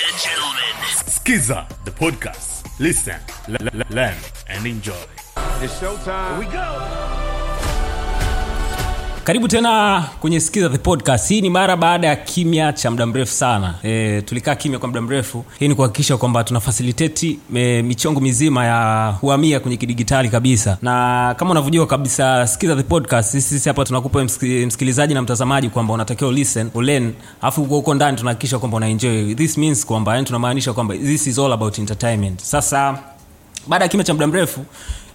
Ladies and gentlemen, the podcast. Listen, learn, and enjoy. It's showtime. Here we go. Karibu tena kwenye skiza the Podcast. Hii ni mara baada ya kimya cha muda mrefu sana. E, tulikaa kimya kwa muda mrefu. Hii ni kuhakikisha kwamba tuna facilitate e, michongo mizima ya huamia kwenye kidigitali kabisa, na kama unavyojua kabisa skiza the Podcast, sisi sisi hapa tunakupa msikilizaji na mtazamaji kwamba unatakiwa listen, ulen, afu uko huko ndani tunahakikisha kwamba una enjoy. This means kwamba yani tunamaanisha kwamba this is all about entertainment. Sasa baada ya kimya cha muda mrefu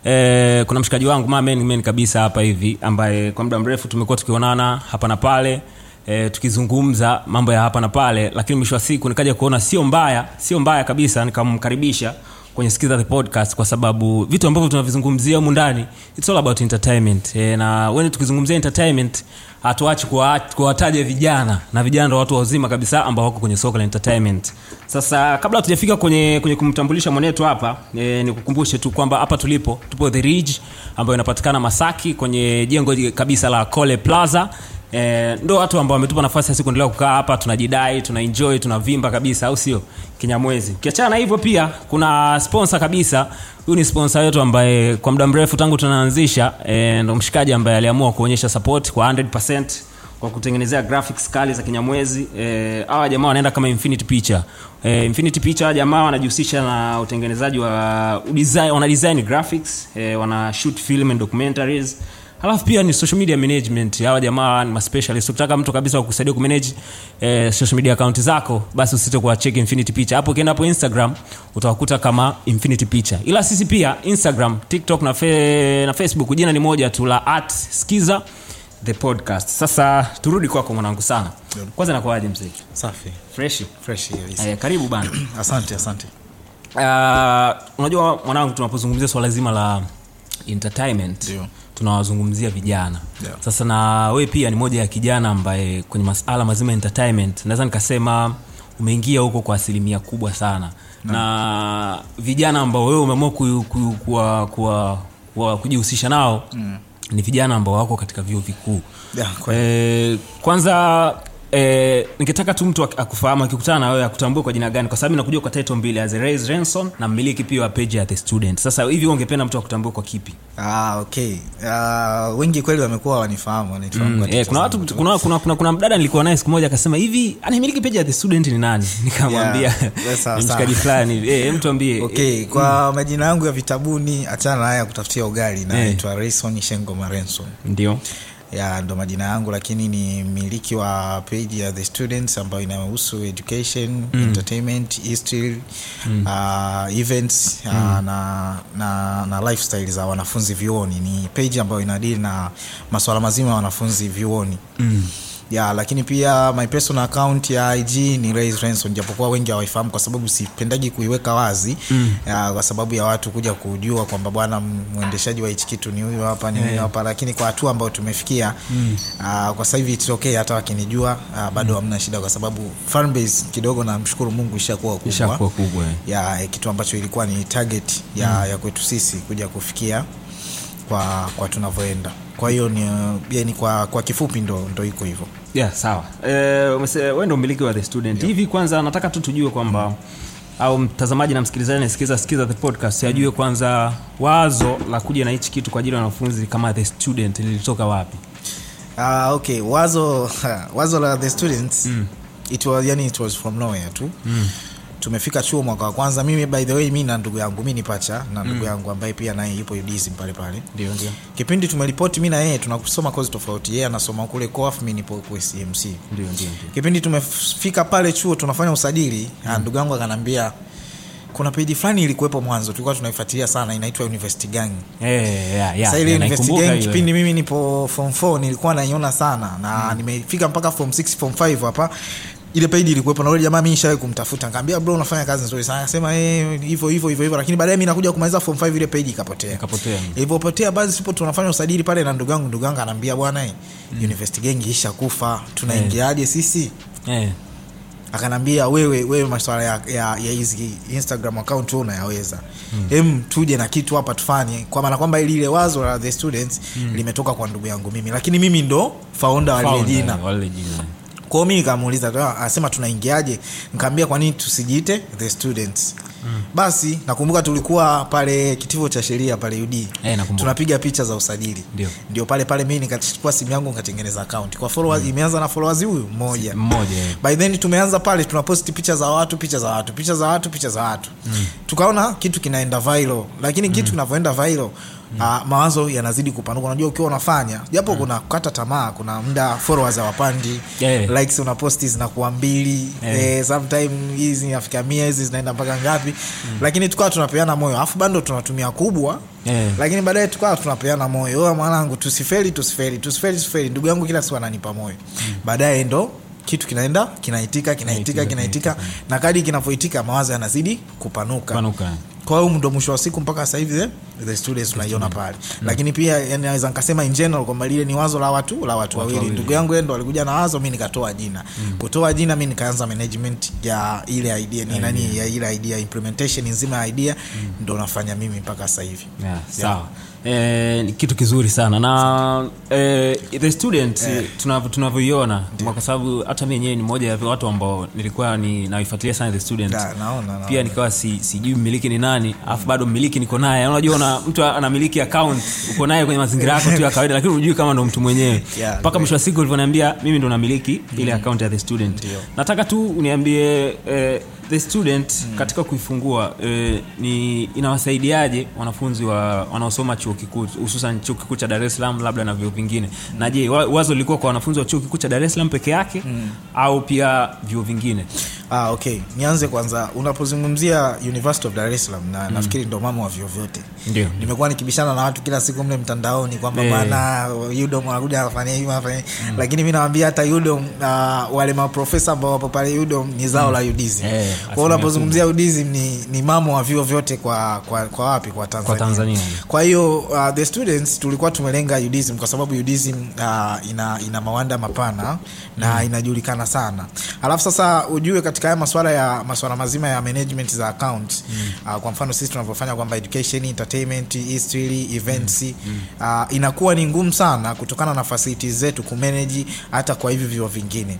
eh, kuna mshikaji wangu mamen men kabisa hapa hivi ambaye kwa muda mrefu tumekuwa tukionana hapa na pale e, tukizungumza mambo ya hapa na pale lakini mwisho wa siku nikaja kuona sio mbaya sio mbaya kabisa nikamkaribisha kwenye sikiza the podcast kwa sababu vitu ambavyo tunavizungumzia humu ndani it's all about entertainment e, na weni tukizungumzia entertainment hatuachi kuwataja vijana na vijana ndo watu wazima kabisa ambao wako kwenye soko la entertainment sasa kabla hatujafika kwenye, kwenye kumtambulisha mwenetu hapa e, nikukumbushe tu kwamba hapa tulipo tupo the ridge ambayo inapatikana masaki kwenye jengo kabisa la cole plaza eh, ndo watu ambao wametupa nafasi ya sikuendelea kukaa hapa, tunajidai, tunaenjoy, tunavimba kabisa, au sio? Kinyamwezi. Ukiachana na hivyo, pia kuna sponsa kabisa. Huyu ni sponsa wetu ambaye kwa muda mrefu tangu tunaanzisha e, ndo mshikaji ambaye aliamua kuonyesha sapoti kwa 100% kwa kutengenezea graphics kali za Kinyamwezi. Eh, hawa eh, jamaa wanaenda kama Infinity Picture. e, Infinity Picture jamaa wanajihusisha na utengenezaji wa design, wana design graphics, e, wana shoot film and documentaries Alafu pia ni social media management. Hawa jamaa ni maspecialist. Ukitaka mtu kabisa kukusaidia kumanage eh, social media account zako, basi usite kwa check Infinity Picture. Hapo ukienda hapo Instagram utawakuta kama Infinity Picture. Ila sisi pia Instagram, TikTok na, fe, na Facebook jina ni moja tu la at @skiza the podcast. Sasa turudi kwako mwanangu sana. Kwanza nakuaje mzee? Safi. Fresh. Fresh. Eh, karibu bana. asante, asante. Uh, unajua mwanangu tunapozungumzia swala zima la entertainment. Dio tunawazungumzia vijana yeah. sasa na we pia ni moja ya kijana ambaye kwenye masala mazima entertainment naweza nikasema umeingia huko kwa asilimia kubwa sana na, na vijana ambao wewe umeamua kujihusisha nao mm. ni vijana ambao wako katika vyuo vikuu yeah, kwa... e, eh, kwanza eh, ningetaka tu mtu akufahamu akikutana na wewe akutambue kwa jina gani, kwa sababu nakujua kwa title mbili as Rais Renson na mmiliki pia wa page ya The Student. Sasa hivi ungependa mtu akutambue kwa kipi? Ah, okay. Uh, wengi kweli wamekuwa wanifahamu mm, eh, kuna watu kuna, kuna, kuna, kuna, mdada nilikuwa naye siku moja akasema hivi anamiliki page ya The Student ni nani? Nikamwambia yeah, fulani eh, mtu okay, eh, kwa mm. majina yangu ya vitabuni achana haya kutafutia ugali na eh. Naitwa Shengo Marenson ndio ya ndo majina yangu, lakini ni mmiliki wa page ya The Students ambayo inahusu education mm. entertainment history mm. uh, events uh, mm. uh, na, na, na lifestyle za wanafunzi vyuoni. Ni page ambayo inadili na masuala mazima ya wanafunzi vyuoni mm ya lakini pia my personal account ya IG ni Rais Renson, japokuwa wengi hawaifahamu kwa sababu sipendaji kuiweka wazi mm. ya, kwa sababu ya watu kuja kujua kwamba bwana mwendeshaji wa hichi kitu ni huyu hapa ni huyu yeah. hapa, lakini kwa hatua ambayo tumefikia mm. uh, kwa sasa hivi it's okay, hata wakinijua uh, bado mm. hamna shida, kwa sababu fan base kidogo, namshukuru Mungu ishakuwa kubwa, ishakuwa kubwa eh. ya eh, kitu ambacho ilikuwa ni target ya, mm. ya kwetu sisi kuja kufikia kwa, kwa tunavyoenda kwa hiyo ni, yani kwa, kwa kifupi ndo, ndo iko hivyo yeah, sawa eh, e, we ndo mmiliki wa the student hivi yeah. kwanza nataka tu tujue kwamba mm. au mtazamaji na msikilizaji nasikiza sikiza the podcast ajue kwanza wazo la kuja na hichi kitu kwa ajili ya wanafunzi kama the student lilitoka wapi uh, okay wazo wazo la the students mm. it was, yani it was from nowhere tu mm tumefika chuo mwaka wa kwanza. Mimi by the way, mimi na ndugu yangu, mimi ni pacha na ndugu mm. yangu ambaye pia naye yupo UDSM pale pale, ndio ndio kipindi tumeripoti mimi na yeye, tunasoma kozi tofauti. Yeye anasoma kule COAF, mimi nipo kwa CMC. Ndio ndio kipindi tumefika pale chuo tunafanya usajili ah, mm. ndugu yangu akanambia kuna peji fulani ilikuwepo mwanzo tulikuwa tunaifuatilia sana inaitwa University Gang. Eh, yeah, eh, eh, yeah. Sasa ile University Gang kipindi mimi nipo form 4 nilikuwa naiona sana na mm. nimefika mpaka form 6 form 5 hapa ile page ilikuwepo na yule jamaa mimi nishawahi kumtafuta nikamwambia bro unafanya kazi nzuri sana akasema eh hivyo hivyo hivyo hivyo lakini baadaye mimi nakuja kumaliza form 5 ile page ikapotea ikapotea ilipopotea basi sipo tunafanya usajili pale na ndugu yangu ndugu yangu anambia bwana eh, mm. university gang ishakufa tunaingiaje yeah. sisi yeah akanambia wewe wewe masuala ya, ya, ya hizi instagram account wewe unayaweza mm. em tuje na kitu hapa tufanye kwa maana kwamba ile ile wazo la the students mm. limetoka kwa ndugu yangu mimi lakini mimi ndo founder wa ile jina kwao hiyo mimi nikamuuliza, asema tunaingiaje? nkaambia kwa nini tusijiite the students? Mm. Basi nakumbuka tulikuwa pale kitivo cha sheria pale UD. Hey, eh, tunapiga picha za usajili. Ndio. pale pale mimi nikachukua simu yangu nkatengeneza akaunti Kwa mm. Imeanza na followers huyu mmoja. mmoja. Yeah. By then tumeanza pale tunapost picha za watu, picha za watu, picha za watu, picha za watu. Mm. Tukaona kitu kinaenda viral. Lakini kitu mm. kinavyoenda mm. viral mm. uh, mawazo yanazidi kupanuka. Unajua, ukiwa unafanya japo mm. kuna kata tamaa, kuna muda followers hawapandi yeah. likes una posti zinakuwa mbili yeah. eh, sometime hizi zinafika mia hizi zinaenda mpaka ngapi mm. lakini tukawa tunapeana moyo, afu bando tunatumia kubwa yeah. lakini baadaye tukawa tunapeana moyo, mwanangu, tusifeli tusifeli tusifeli tusifeli, ndugu yangu kila siku ananipa moyo mm. baadaye ndo kitu kinaenda kinaitika kinaitika kinaitika na kadi kinavyoitika mawazo yanazidi kupanuka Panuka. kwa hiyo ndo mwisho wa siku mpaka sasa hivi eh, the students tunaiona pale mm. lakini pia yani naweza nikasema in general kwamba lile ni wazo la watu la watu wawili ndugu yangu ndo alikuja na wazo mi nikatoa jina mm. kutoa jina mi nikaanza management ya ile idea ni nani ya ile idea implementation nzima ya idea mm. ndo nafanya mimi mpaka sasa hivi yeah, sawa so. yeah eh, kitu kizuri sana na eh, the student eh. tunavyoiona tuna kwa sababu hata mi ni moja ya watu ambao nilikuwa ni nawifuatilia sana the student da, naona, naona. pia nikawa si, sijui mmiliki ni nani alafu bado mmiliki niko naye yaani unajua una, mtu anamiliki account uko naye kwenye mazingira yako tu ya kawaida lakini unajui kama ndo mtu mwenyewe yeah, mpaka mwisho wa siku ulivyoniambia mimi ndo namiliki mm. ile account ya the student Dio. nataka tu uniambie eh, the student mm. katika kuifungua e, ni inawasaidiaje wanafunzi wa, wanaosoma chuo kikuu hususan chuo kikuu cha Dar es Salaam labda na vyuo vingine mm. na je wazo lilikuwa kwa wanafunzi wa chuo kikuu cha Dar es Salaam peke yake mm. au pia vyuo vingine ah, okay nianze kwanza unapozungumzia University of Dar es Salaam na mm. nafikiri ndo mama wa vyuo vyote ndio nimekuwa nikibishana na watu kila siku mle mtandaoni kwamba hey. Eh. bana UDOM anakuja anafanya hivi anafanya mm. lakini mimi nawaambia hata UDOM uh, ah, wale maprofesa ambao wapo pale UDOM ni zao mm. la UDISM hey. Eh unapozungumzia UDSM ni, ni mamo wa vyuo vyote kwa, kwa, kwa wapi kwa Tanzania. Kwa Tanzania. Kwa hiyo uh, the students tulikuwa tumelenga udism kwa sababu udism uh, ina, ina mawanda mapana na mm. inajulikana sana. Alafu sasa ujue katika haya maswala ya maswala mazima ya management za account mm. uh, kwa mfano sisi tunavyofanya kwamba education, entertainment, history, events mm. Mm. Uh, inakuwa ni ngumu sana kutokana na facilities zetu kumanage hata kwa hivi vyuo vingine.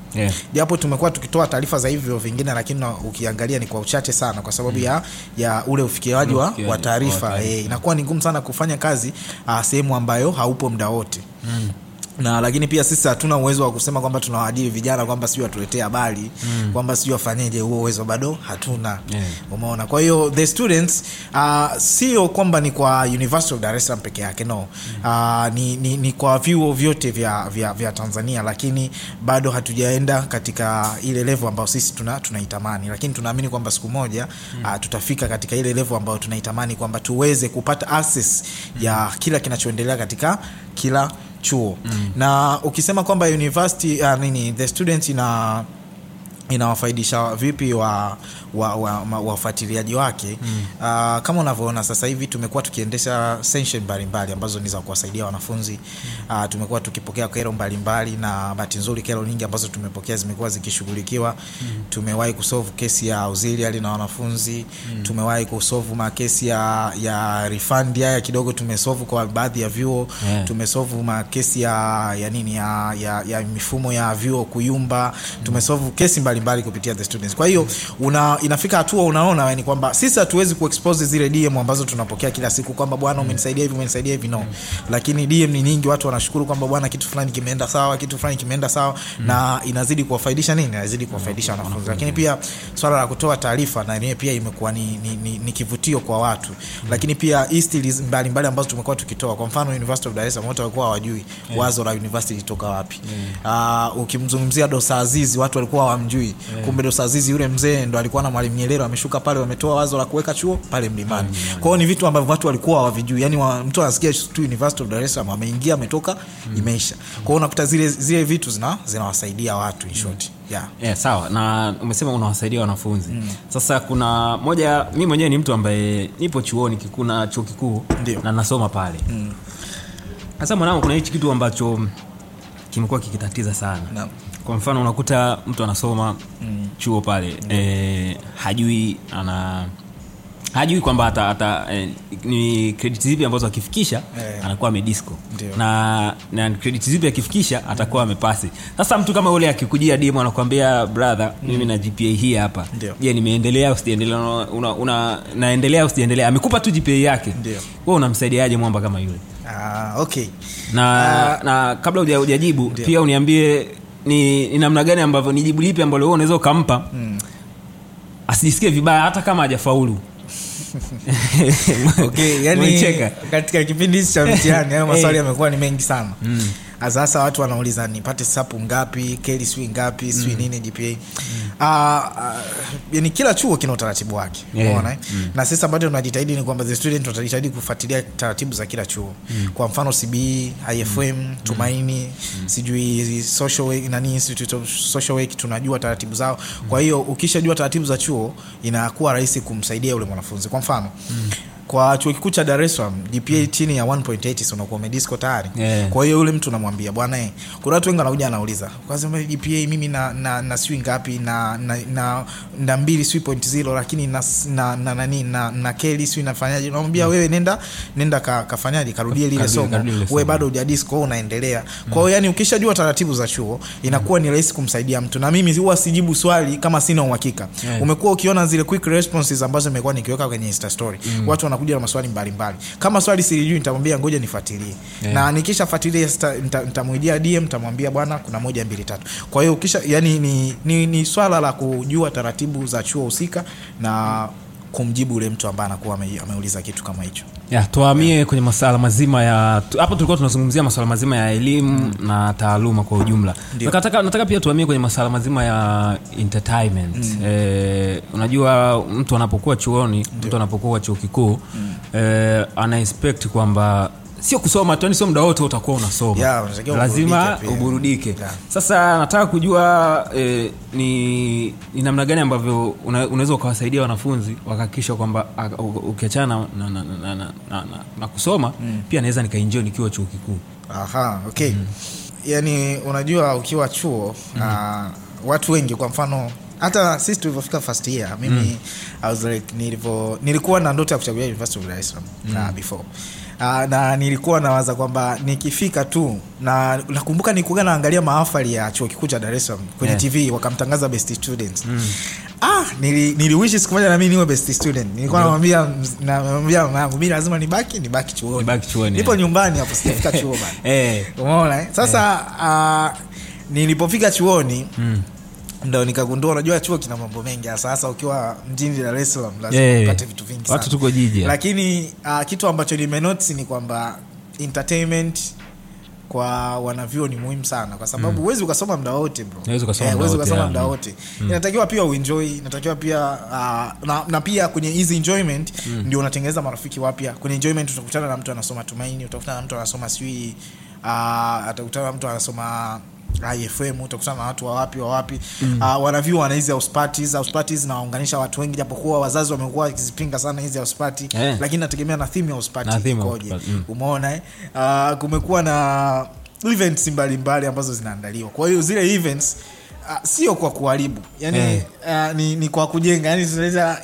japo Yeah. tumekuwa tukitoa taarifa za hivi vyuo vingine lakini ukiangalia ni kwa uchache sana, kwa sababu hmm. ya, ya ule ufikiaji wa, wa taarifa e, inakuwa ni ngumu sana kufanya kazi ah, sehemu ambayo haupo muda wote mm na lakini pia sisi hatuna uwezo wa kusema kwamba tunawadili vijana kwamba sijui watuletee habari mm. kwamba sijui wafanyeje huo uwezo bado hatuna yeah. umeona kwa hiyo the students uh, sio kwamba ni kwa university of dar es salaam peke yake no mm. uh, ni, ni, ni kwa vyuo vyote vya, vya, vya tanzania lakini bado hatujaenda katika ile levo ambayo sisi tunaitamani tuna lakini tunaamini kwamba siku moja mm. uh, tutafika katika ile levo ambayo tunaitamani kwamba tuweze kupata ases ya mm. kila kinachoendelea katika kila chuo mm. na ukisema kwamba university uh, nini the student ina inawafaidisha vipi wa wafuatiliaji wa, wa, wa wake mm. Uh, kama unavyoona sasa hivi tumekuwa tukiendesha session mbalimbali ambazo ni za kuwasaidia wanafunzi mm. Uh, tumekuwa tukipokea kero mbalimbali mbali, na bahati nzuri kero nyingi ambazo tumepokea zimekuwa zikishughulikiwa mm. Tumewahi kusolve kesi ya auxiliary na wanafunzi mm. Tumewahi kusolve makesi ya, ya refund haya kidogo tumesolve kwa baadhi ya vyuo yeah. Tumesolve makesi ya, ya nini ya, ya, ya mifumo ya vyuo kuyumba mm. Tumesolve kesi mbalimbali mbali kupitia the students, kwa hiyo mm. una inafika hatua unaona ni kwamba sisi hatuwezi kuexpose zile DM ambazo tunapokea kila siku kwamba bwana mm. umenisaidia hivi umenisaidia hivi no. Mm. Lakini DM ni nyingi, watu wanashukuru kwamba bwana kitu fulani kimeenda sawa, kitu fulani kimeenda sawa mm. na inazidi kuwafaidisha nini? Inazidi kuwafaidisha mm. wanafunzi. Mm. Lakini pia swala la kutoa taarifa na yenyewe pia imekuwa ni, ni, ni, ni kivutio kwa watu. Mm. Lakini pia istili mbalimbali ambazo tumekuwa tukitoa, kwa mfano University of Dar es Salaam watu walikuwa hawajui yeah. wazo la university litoka wapi. Yeah. Uh, ukimzungumzia Dosa Azizi watu walikuwa hawamjui. Yeah. Kumbe Dosa Azizi yule mzee ndo alikuwa na Mwalimu Nyerere wameshuka pale, wametoa wazo la kuweka chuo pale Mlimani. Mm, mm. Kwa hiyo ni vitu ambavyo watu walikuwa hawavijui, yani wa, mtu anasikia tu University of Dar es Salaam ameingia ametoka, mm. imeisha. Kwa hiyo unakuta zile, zile vitu zina zinawasaidia watu in short mm. Yeah. Yeah, sawa na umesema unawasaidia wanafunzi mm. Sasa kuna moja, mi mwenyewe ni mtu ambaye nipo chuoni kikuu chuo kikuu na nasoma pale mm. Sasa mwanangu, kuna hichi kitu ambacho kimekuwa kikitatiza sana no kwa mfano unakuta mtu anasoma mm. chuo pale mm. e, hajui ana hajui kwamba ata, ata, eh, ni krediti zipi ambazo akifikisha yeah. anakuwa amedisco na, na krediti zipi akifikisha atakuwa mm. amepasi sasa mtu kama ule akikujia dimu anakuambia brother mm. mimi na gpa hii hapa je nimeendelea sijaendelea una, una, naendelea usiendelea amekupa tu gpa yake we unamsaidiaje mwamba kama yule ah, okay. na, uh, na kabla ujajibu pia uniambie ni, ni namna gani ambavyo ni jibu lipi ambalo wewe unaweza ukampa mm. asijisikie vibaya hata kama hajafaulu okay, yani, katika kipindi hichi cha mtihani hayo maswali yamekuwa ni mengi sana mm sasa watu wanauliza nipate sapu ngapi keli sijui ngapi sijui mm. nini gpa mm. uh, uh, yani kila chuo kina utaratibu wake yeah. umeona eh? mm. na sisi ambacho tunajitahidi ni kwamba the student watajitahidi kufuatilia taratibu za kila chuo mm. kwa mfano cb e, ifm mm. tumaini mm. mm. sijui social work, nani institute of social work tunajua taratibu zao kwa mm. hiyo ukishajua taratibu za chuo inakuwa rahisi kumsaidia yule mwanafunzi kwa mfano mm kwa chuo kikuu cha Dar es Salaam GPA mm. chini ya 1.8 so unakuwa umedisco tayari. Yeah. Kwa hiyo yule mtu namwambia bwana eh, kuna watu wengi wanakuja anauliza kwanza DPA mimi na na, na sijui ngapi na na na, na mbili 3.0 lakini na na na nani na, na, na keli sijui nafanyaje. Unamwambia mm. wewe nenda nenda ka, kafanyaje karudie lile somo. Wewe bado hujadisco wewe unaendelea. Mm. Kwa hiyo yani ukishajua taratibu za chuo inakuwa mm. ni rahisi kumsaidia mtu. Na mimi huwa sijibu swali kama sina uhakika. Yeah. Umekuwa ukiona zile quick responses ambazo nimekuwa nikiweka kwenye Insta story. Mm. Watu anakuja na maswali mbalimbali mbali. Kama swali silijui nitamwambia ngoja nifuatilie. Yeah. Na nikishafuatilia nitamwijia DM nitamwambia bwana kuna moja mbili tatu. Kwa hiyo kisha yani ni, ni, ni swala la kujua taratibu za chuo husika na kumjibu ule mtu ambaye anakuwa ameuliza kitu kama hicho yeah, tuamie yeah. kwenye masala mazima ya hapo tulikuwa tunazungumzia masala mazima ya elimu mm. na taaluma kwa ujumla nataka, nataka pia tuamie kwenye masala mazima ya entertainment mm. e, unajua mtu anapokuwa chuoni Ndiyo. mtu anapokuwa chuo kikuu mm. e, ana expect kwamba sio kusoma tu yani sio muda wote utakuwa unasoma yeah, lazima uburudike yeah. sasa nataka kujua eh, ni, ni namna gani ambavyo una, unaweza ukawasaidia wanafunzi wakahakikisha kwamba ukiachana na, na, na, na, na, na na, na kusoma mm. pia naweza nikainjio nikiwa chuo kikuu okay mm. yani unajua ukiwa chuo mm. uh, watu wengi kwa mfano hata sisi tulivyofika first year mimi mm. I was like, nilivo, nilikuwa na ndoto ya kuchagulia university of dar es salaam mm. uh, before Ah, na nilikuwa nawaza kwamba nikifika tu na nakumbuka nilikuwa naangalia maafali ya chuo kikuu cha Dar es Salaam kwenye yeah. TV wakamtangaza best student mm. Ah, nili, niliwishi siku moja na mimi niwe best student. Nilikuwa namwambia namwambia mama yangu mimi lazima nibaki nibaki chuoni. Nibaki chuoni. Nipo nyumbani hapo sijafika chuo bana. Eh. Umeona? Eh? Sasa eh. Uh, nilipofika chuoni mm ndo nikagundua, unajua chuo kina mambo mengi, hasa hasa ukiwa mjini Dar es Salaam lazima yeah, yeah. upate vitu vingi sana. Watu tuko jiji. Lakini uh, kitu ambacho nimenotice ni kwamba entertainment kwa wanavyuo ni muhimu sana kwa sababu mm. huwezi mm. ukasoma muda wote bro, huwezi ukasoma eh, muda wote mm. inatakiwa pia uenjoy, inatakiwa pia uh, na, na pia kwenye hizi enjoyment mm. ndio unatengeneza marafiki wapya. Kwenye enjoyment utakutana na mtu anasoma Tumaini, utakutana na mtu anasoma sijui uh, atakutana na mtu anasoma IFM ah, utakutana na watu wa wapi wa wapi mm. Uh, ah, wanavyu wana hizi house parties. House parties zinawaunganisha watu wengi, japokuwa wazazi wamekuwa wakizipinga sana hizi house party yeah. Lakini nategemea na theme ya house party ikoje, mm. Umeona eh? Uh, kumekuwa na events mbalimbali mbali ambazo zinaandaliwa, kwa hiyo zile events Ah, sio kwa kuharibu yani hey. uh, ah, ni, ni kwa kujenga yani tunaweza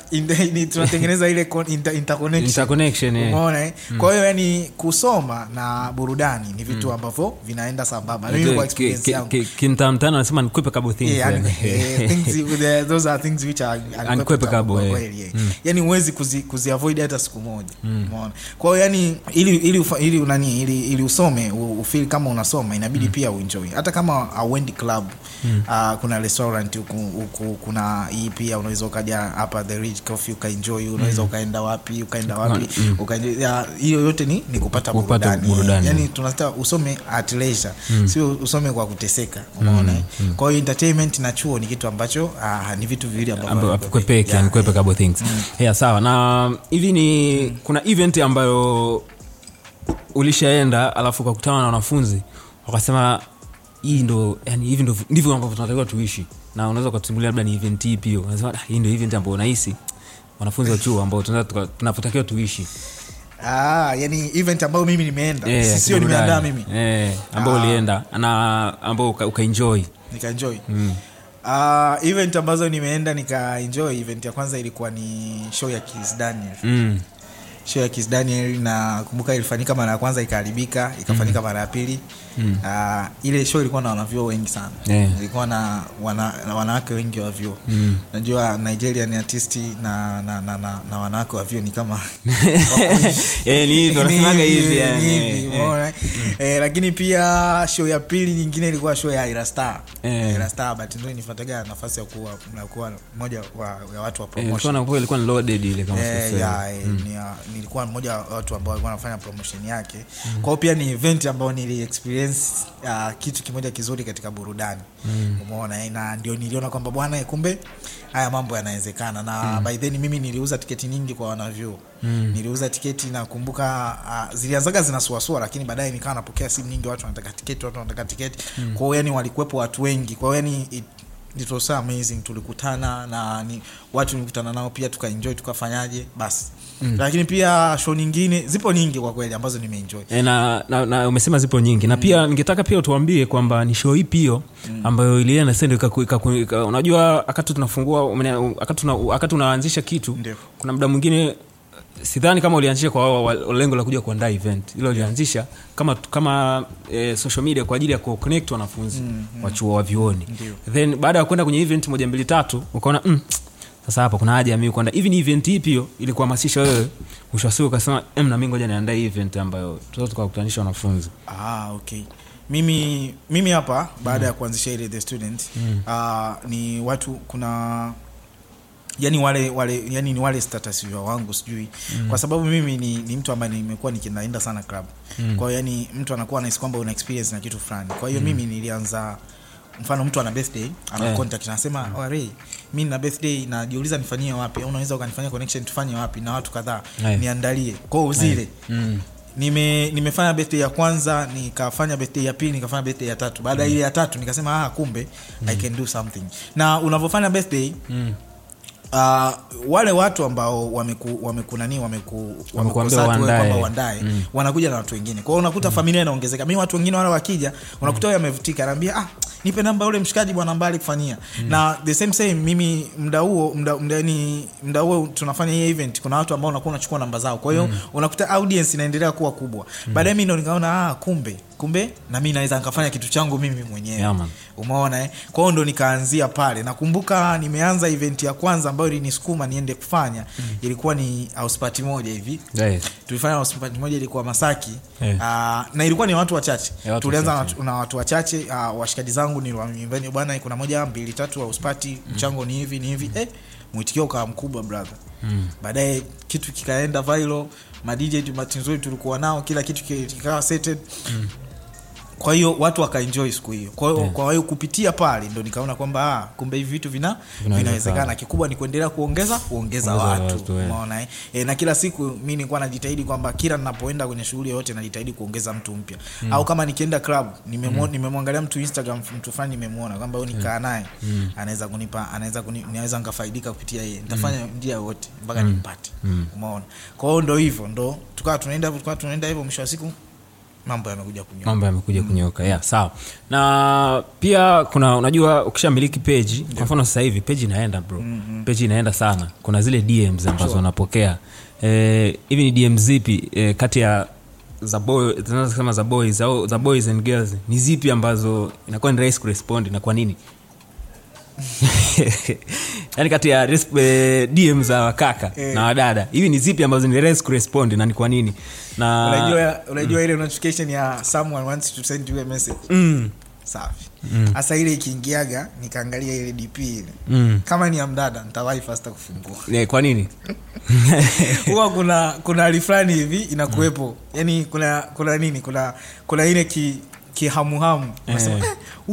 tunatengeneza ile con, interconnection, yeah. Eh. umeona eh? mm. kwa hiyo yani kusoma na burudani ni vitu mm. ambavyo vinaenda sambamba mimi kwa experience yangu kimtamtana anasema nikwepe kabo things eh, yaani, yani, things the, those are things which are nikwepe kabo kweli yeah. mm. yani huwezi kuzi, kuzi avoid hata siku moja mm. umeona kwa hiyo yani ili ili ili unani ili, ili usome ufeel kama unasoma inabidi mm. pia uenjoy hata kama auendi club mm. uh, kuna restaurant huku, huku kuna hii pia unaweza ukaja hapa the ridge coffee ukaenjoy, unaweza mm. ukaenda wapi ukaenda wapi mm. hiyo yote ni, ni kupata burudani, burudani. Yani tunataka usome at leisure mm. sio usome kwa kuteseka unaona mm. mm. kwa hiyo entertainment na chuo ni kitu ambacho uh, ni vitu viwili ambavyo kwepeke yeah. kwepeke yeah. things mm. yeah, sawa na hivi ni mm. kuna event ambayo ulishaenda alafu ukakutana na wanafunzi wakasema hii ndo hivi ndivyo ambavyo tunatakiwa tuishi na unaweza ukatusimulia labda ni event unasema ah, hii ndo event unahisi wanafunzi wa chuo ambao tuishi Ah, yani event ambayo mimi nimeenda yeah, sio nimeandaa mimi yeah, ambao ah. ulienda na ambao ukaenjoy uka nikaenjoy mm. uh, event ambazo nimeenda nikaenjoy event ya kwanza ilikuwa ni show ya Kiss Daniel mm. show ya Kiss Daniel ilifanyika mara ya kwanza ikaharibika ikafanyika mm. mara ya pili mm. uh, ile show ilikuwa na wanavyo wengi sana yeah. ilikuwa na, wana, wanawake wengi wa vyo mm. najua nigeria ni artisti na, na, na, na, na wanawake wa vyo ni kama lakini pia show ya pili nyingine ilikuwa show ya irastar yeah. nifataga nafasi ya kuwa, kuwa moja wa, ya watu wa yeah, ilikuwa ni loaded ile kama eh, yeah, yeah, mm. ni, ah, nilikuwa mmoja wa watu ambao walikuwa nafanya promotion yake mm. kwao pia ni event ambayo nili experience experience uh, kitu kimoja kizuri katika burudani mm. Umeona, eh, na ndio niliona kwamba bwana, kumbe haya mambo yanawezekana na mm. By then mimi niliuza tiketi nyingi kwa wanavyuo mm. Niliuza tiketi nakumbuka, uh, zilianzaga zinasuasua, lakini baadaye nikawa napokea simu nyingi, watu wanataka tiketi, watu wanataka tiketi mm. kwao yani walikuwepo watu wengi, kwao yani it was so amazing tulikutana na ni, watu nikutana nao pia tukaenjoy tukafanyaje basi mm. lakini pia show nyingine zipo nyingi kwa kweli ambazo nimeenjoy e, na, na, na umesema zipo nyingi na mm. pia ningetaka pia utuambie kwamba ni show ipi hiyo mm. ambayo ilienda nasendo unajua akati tunafungua akati unaanzisha kitu Ndiyo. kuna muda mwingine sidhani kama ulianzisha kwa lengo la kuja kuandaa event ilo ulianzisha kama, kama e, social media kwa ajili ya kuconnect wanafunzi mm, mm. wachuo chuo wa vyuoni then baada ya kwenda kwenye event moja mbili tatu ukaona mm, sasa hapa kuna haja ya mimi kuandaa hivi ni event ipi hiyo ili wewe mwisho wa siku ukasema em mm, na mimi ngoja niandae event ambayo tutaweza tukakutanisha wanafunzi ah, okay mimi mimi hapa baada mm. ya kuanzisha ile the student mm. uh, ni watu kuna yani wale wale yani ni wale status wa wangu sijui mm. kwa sababu mimi ni, ni mtu ambaye nimekuwa nikinaenda sana club mm. kwa hiyo yani mtu anakuwa anahisi kwamba una experience na kitu fulani kwa hiyo mm. mimi nilianza mfano mtu ana birthday ana yeah. contact anasema mm. Oh, Ray, mimi na birthday najiuliza nifanyie wapi au unaweza ukanifanyia connection tufanye wapi na watu kadhaa yeah. niandalie kwao uzile yeah. mm nime nimefanya birthday ya kwanza nikafanya birthday ya pili nikafanya birthday ya tatu baada ya mm. ile ya tatu nikasema ah kumbe mm. i can do something na unavyofanya birthday mm uh, wale watu ambao wamekunani wameku, mm. wanakuja na watu wengine kwao unakuta mm. familia inaongezeka mi watu wengine wale wakija unakuta mm. amevutika anaambia ah, nipe namba ule mshikaji bwana mbali kufanyia mm. na the same same mimi mda huo mda, mda, mda huo tunafanya hii event kuna watu ambao unakuwa unachukua namba zao kwa hiyo mm. unakuta audience inaendelea kuwa kubwa mm. baadaye mi ndo nikaona ah, kumbe kumbe na mimi naweza nkafanya kitu changu mimi mwenyewe yeah, umeona eh? kwa ndo nikaanzia pale nakumbuka nimeanza event ya kwanza ambayo ilinisukuma niende kufanya mm. ilikuwa ni auspati moja hivi yes. tulifanya auspati moja ilikuwa masaki yes. Aa, ah, na ilikuwa ni watu wachache yeah, watu tulianza wachache. na watu wachache ah, washikaji zangu niliwaambia bwana kuna moja mbili tatu auspati party mm. mchango ni hivi ni hivi mm. eh, mwitikio ukawa mkubwa brother mm. baadaye kitu kikaenda vailo madj matinzuri tulikuwa nao kila kitu kikawa settled mm kwa hiyo watu wakaenjoy siku hiyo kwa hiyo yes. kupitia pale ndo nikaona kwamba ah, kumbe hivi vitu vina vinawezekana kikubwa ni kuendelea kuongeza kuongeza watu, watu umeona e, na kila siku mi nikuwa najitahidi kwamba kila ninapoenda kwenye shughuli yoyote najitahidi kuongeza mtu mpya mm. au kama nikienda club mm. nimemwangalia mm. nime mtu Instagram mtu fulani nimemwona kwamba huyu nikaa naye mm. anaweza kunipa anaweza kuni, naweza nikafaidika kupitia yeye nitafanya mm. njia yote mpaka mm. nimpate mm. umeona kwa hiyo ndo hivyo ndo tukawa tunaenda tukawa tunaenda hivyo mwisho wa siku mambo yamekuja kunyoka, mambo yamekuja kunyoka. Mm. Yeah, sawa. Na pia kuna unajua, ukishamiliki peji kwa mfano sasa hivi peji inaenda bro, mm-hmm. peji inaenda sana. Kuna zile DMs ambazo wanapokea eh, hivi e, ni DM zipi e, kati ya za boy za boys au za boys and girls ni zipi ambazo inakuwa ni rahisi kurespondi na kwa nini? yani kati ya eh, dm za wakaka eh. na wadada hivi ni zipi ambazo ni res kurespondi na ni kwa nini na unajua, mm. ile notification ya someone wants to send you a message mm. safi mm. hasa mm. ile ikiingiaga nikaangalia ile dp ile mm. kama ni ya mdada ntawai fasta kufungua yeah, kwa nini huwa kuna kuna hali fulani hivi inakuwepo mm. yani kuna kuna nini kuna kuna ile kihamuhamu ki kihamuhamu eh.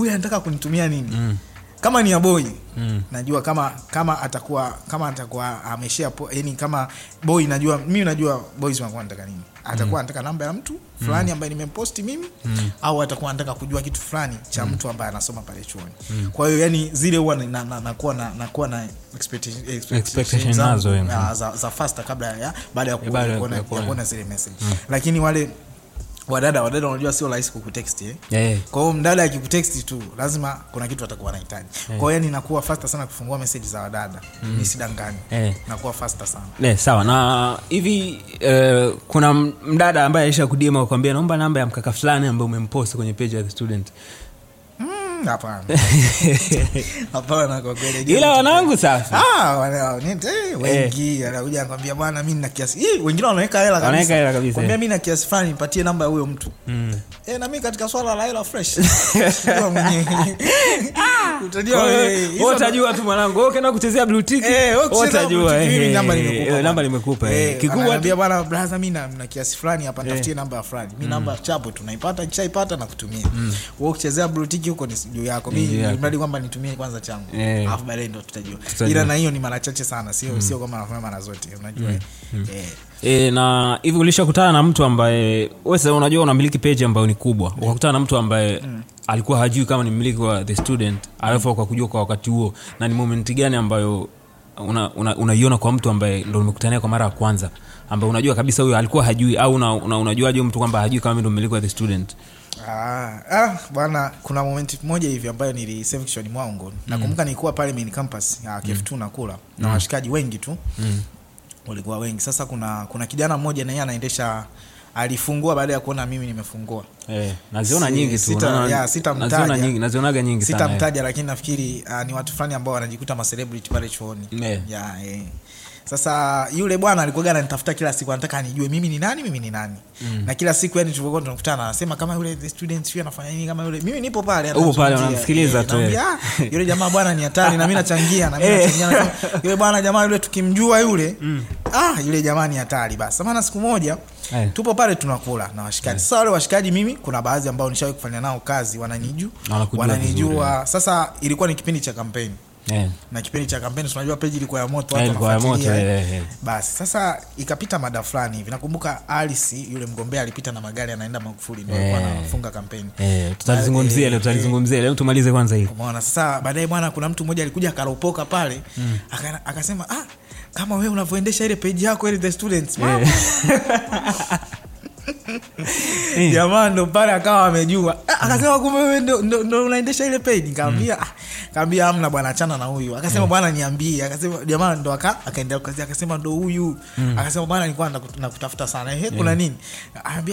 eh. anataka kunitumia nini mm kama ni Aboy mm. najua kama kama atakuwa kama atakuwa ameshia yani, kama Boy najua mimi najua boys wangu wanataka nini, atakuwa mm. anataka mm. namba ya mtu fulani mm. ambaye nimemposti mimi mm. au atakuwa anataka kujua kitu fulani cha mm. mtu ambaye anasoma pale chuoni mm. kwa hiyo yani zile huwa nakuwa na, na, na, na, na expectation, expectation za, ah, za, za faster kabla ya baada ya kuona zile message mm. lakini wale wadada wadada unajua sio rahisi kukutext eh? yeah. kwa hiyo mdada akikutext tu lazima kuna kitu atakuwa anahitaji yeah. kwa hiyo yani nakuwa fasta sana kufungua meseji za wadada mm. Mm-hmm. nisidangani yeah. nakuwa fasta sana yeah, sawa na hivi uh, kuna mdada ambaye aisha kudima kuambia naomba namba ya mkaka fulani ambaye umempost kwenye page ya the student hapana kwa kweli ila wanangu sasa ah, eh, wengi eh. anakuja kwambia bwana mi na kiasi eh, wengine wanaweka hela kabisa mi na kiasi fulani nipatie namba ya huyo mtu mm. e, na katika swala la hela fresh mwenyewe ah, utajua tu mwanangu kenda kuchezea blue tick na kiasi fulani hapa eh. namba fulani namba mm. chapo tunaipata kishaipata na kutumia mm. ukichezea huko ni juu yako kwamba nitumie kwanza changu eh. alafu tutajua ila na hiyo ni mara chache sana sio sio nafanya mm. mara zote unajua eh. E, na hivi ulishakutana na mtu ambaye wewe unajua unamiliki page ambayo ni kubwa ukakutana na mtu ambaye mm. alikuwa hajui kama ni mmiliki wa the student alafu mm. akakujua kwa wakati huo na ni moment gani ambayo unaiona una, una kwa mtu ambaye ndo umekutania kwa mara ya kwanza ambaye unajua kabisa huyo alikuwa hajui au una, una, unajuaje mtu kwamba hajui kama ndo mmiliki wa the student Ah, ah, bwana kuna momenti moja hivi ambayo nilisave kichwani mwangu mm. nakumbuka mm. nilikuwa pale main campus ah, kef2 mm. nakula na mm. washikaji wengi tu mm walikuwa wengi. Sasa kuna kuna kijana mmoja naye anaendesha alifungua baada ya kuona mimi nimefungua. Eh, naziona si, nyingi tu. Sita, Naziona nyingi, nazionaga nyingi sana. Eh. lakini nafikiri uh, ni watu fulani ambao wanajikuta ma celebrity pale chuoni. Yeah. Ya, eh. Sasa yule bwana alikuwa ananitafuta kila siku, anataka anijue mimi ni nani, mimi ni nani mm. na kila siku yani tulivyokuwa tunakutana anasema kama yule the student huyu anafanya nini, kama yule mimi nipo pale, hapo pale unamsikiliza eh, tu eh. Ah, yule jamaa bwana ni hatari na mimi nachangia na mimi eh. nachangia na yule bwana jamaa yule tukimjua yule mm. ah yule jamaa ni hatari. Basi maana siku moja hey. tupo pale tunakula na washikaji hey. sasa. Wale washikaji mimi kuna baadhi ambao nishawahi kufanya nao kazi, wananijua wananijua. Sasa ilikuwa ni kipindi cha kampeni yeah. na kipindi cha kampeni tunajua peji ilikuwa ya moto watu eh, ilikuwa ya moto yeah, yeah. Eh. basi sasa ikapita mada fulani hivi nakumbuka Alice yule mgombea alipita na magari anaenda Magufuli ndio alikuwa yeah. anafunga kampeni yeah. tutalizungumzia ile tutalizungumzia leo eh, tumalize kwanza hiyo umeona sasa baadaye bwana kuna mtu mmoja alikuja akaropoka pale mm. akasema ah kama wewe unavyoendesha ile peji yako ile the students mama yeah. Eh. jamaa ndo pale akawa amejua ah, mm. akasema kumbe ndo unaendesha ile page kaambia mm. ah, kaambia amna bwana achana na huyu akasema mm. bwana niambie akasema jamaa ndo akaendelea kazi akasema ndo huyu akasema bwana nakutafuta sana he eh, kuna nini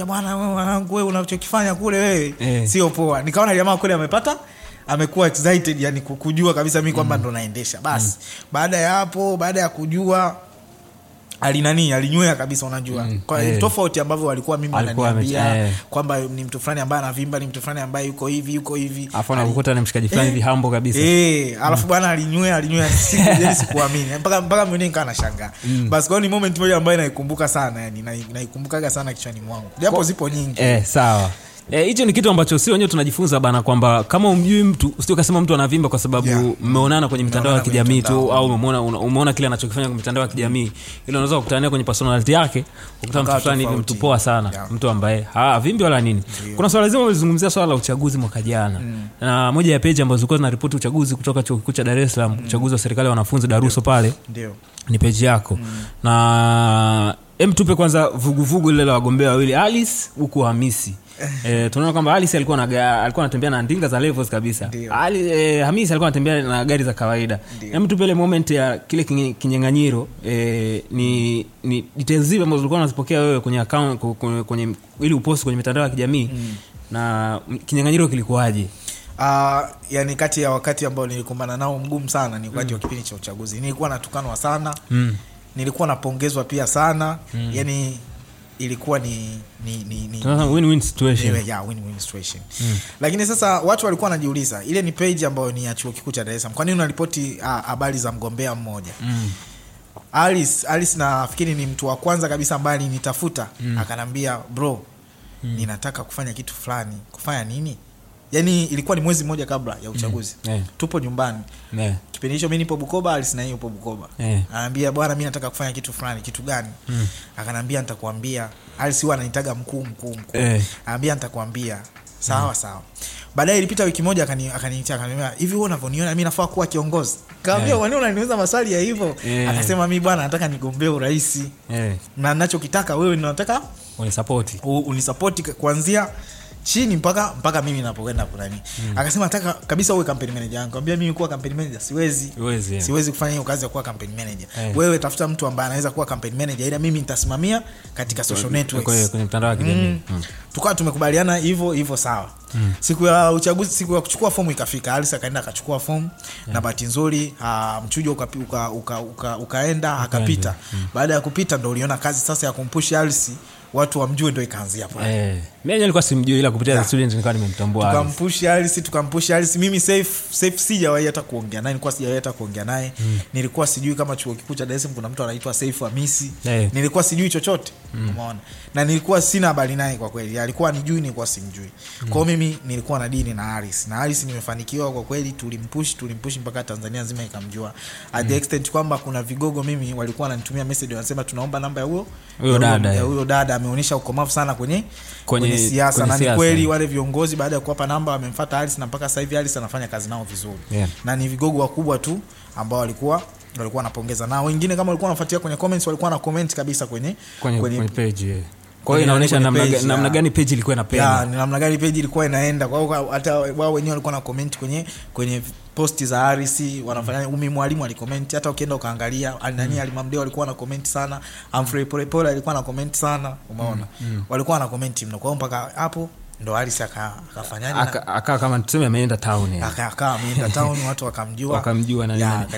bwana mwanangu wewe unachokifanya kule wewe eh. sio poa nikaona jamaa kule amepata amekuwa excited yani kujua kabisa mi kwamba mm. ndo naendesha basi mm. baada ya hapo baada ya kujua alinani alinywea kabisa unajua mm, kwa hey. Eh. tofauti ambavyo walikuwa mimi ananiambia hey. Eh. kwamba ni mtu fulani ambaye anavimba ni mtu fulani ambaye yuko hivi yuko hivi afu anakukuta ni mshikaji fulani hivi eh. hambo kabisa eh alafu mm. bwana alinywea alinywea siku jeli sikuamini mpaka mpaka mimi nika nashangaa mm. basi kwa ni moment moja ambayo naikumbuka sana yani naikumbukaga sana kichwani mwangu japo zipo nyingi eh sawa Eh, hicho e, ni kitu ambacho si wenyewe tunajifunza bana kwamba kama umjui mtu usije ukasema mtu anavimba kwa sababu yeah. mmeonana kwenye mitandao ya kijamii tu au umeona kile anachokifanya kwenye mitandao ya kijamii ili unaweza kukutania kwenye personality yake ukuta mtu fulani hivi mtu poa sana yeah. mtu ambaye havimbi wala nini Ndiyo. kuna swala zima ulizungumzia swala la uchaguzi mwaka jana mm. na moja ya peji ambazo zilikuwa zinaripoti uchaguzi kutoka chuo kikuu cha Dar es Salaam mm. uchaguzi wa serikali ya wanafunzi Daruso pale Ndiyo. ni peji yako mm. na em tupe kwanza vuguvugu lile la wagombea wawili Alice huku Hamisi e, tunaona kwamba alis alikuwa alikuwa anatembea na ndinga za levels kabisa. Ali, e, Hamisi alikuwa anatembea na gari za kawaida. Hem, tupe ile moment ya kile kinyang'anyiro e, ni ni details zipi ambazo ulikuwa unazipokea wewe kwenye account kwenye, kwenye ili upost kwenye mitandao ya kijamii mm. na mm, kinyang'anyiro kilikuwaje? Uh, yani kati ya wakati ambao nilikumbana nao mgumu sana ni wakati mm. wa kipindi cha uchaguzi. Nilikuwa natukanwa sana mm. nilikuwa napongezwa pia sana mm. yani ilikuwa ni, ni, ni, ni, win-win situation. Eh, yeah, win-win situation. Mm. Lakini sasa watu walikuwa wanajiuliza ile ni page ambayo ni ya chuo kikuu cha Dar es Salaam, kwa nini unaripoti habari za mgombea mmoja mm. Alice, Alice nafikiri ni mtu wa kwanza kabisa ambaye alinitafuta mm. akanambia bro mm. ninataka kufanya kitu fulani. Kufanya nini? yani ilikuwa ni mwezi mmoja kabla ya uchaguzi mm. yeah. tupo nyumbani yeah. kipindi hicho mi nipo bukoba alisinaii upo bukoba yeah. anaambia bwana mi nataka kufanya kitu fulani kitu gani mm. akanaambia alisi huwa ananitaga mkuu mkuu mkuu yeah. anaambia nitakuambia sawa mm. sawa baadaye ilipita wiki moja akaniita akaniambia hivi wewe unavyoniona mimi nafaa kuwa kiongozi kaambia yeah. wani unaniuliza maswali ya hivyo yeah. akasema mi bwana nataka nigombee urais yeah. na nachokitaka wewe nataka unisapoti unisapoti kuanzia chini mpaka mpaka mimi napokwenda kunani mm. akasema nataka kabisa uwe campaign manager yangu ambia mimi kuwa campaign manager siwezi Wezi, yeah. siwezi kufanya hiyo kazi ya kuwa campaign manager yeah. wewe tafuta mtu ambaye anaweza kuwa campaign manager ila mimi nitasimamia katika social networks kwenye mtandao wa kijamii mm. mm. tukawa tumekubaliana hivyo hivyo sawa mm. siku ya uchaguzi siku ya kuchukua fomu ikafika alisa akaenda akachukua fomu yeah. Hmm. na bahati nzuri uh, mchujo ukaenda uka, uka, uka, uka akapita mm. baada ya kupita ndo uliona kazi sasa ya kumpusha alisi watu wamjue ndo ikaanzia pale eh. hey mimi nilikuwa simjui ila kupitia ah. nilikuwa nimemtambua tukampushi tukampushi mimi safe hata kuongea naye nilikuwa hata kuongea naye mm. nilikuwa sijui kama chuo kikuu cha kuna mtu anaitwa Safe hey. Eh. nilikuwa sijui chochote mm. umeona na nilikuwa sina habari naye kwa kweli alikuwa nilikuwa simjui mm. mimi nilikuwa na dini na na nimefanikiwa kwa kweli tulimpush tulimpush mpaka Tanzania nzima ikamjua at mm. the hmm. extent kwamba kuna vigogo mimi walikuwa wananitumia message wanasema tunaomba namba ya huyo huyo dada eh. ameonyesha ukomavu sana kwenye kwenye kwenye siasa, na ni kweli eh. wale viongozi baada ya kuwapa namba wamemfuata Alice na mpaka sasa hivi Alice anafanya kazi nao vizuri yeah. na ni vigogo wakubwa tu ambao walikuwa walikuwa wanapongeza, na wengine kama walikuwa wanafuatilia kwenye comments walikuwa na comment kabisa kwenye kwenye, kwenye, kwenye page yeah kwa inaonyesha namna gani peji ilikuwa inapenda namna gani peji ilikuwa inaenda kwa hiyo hata wao wenyewe walikuwa na koment kwenye kwenye posti za harisi wanafanya umi mm. mwalimu alikomenti hata ukienda ukaangalia nani mm. alimamdeo alikuwa na komenti sana amfrey polepole alikuwa na komenti sana umeona mm. mm. walikuwa na komenti mno kwa mpaka hapo ndo Aris akafanyaakaa kama tuseme ameenda town ameenda town watu wakamjua wakamjua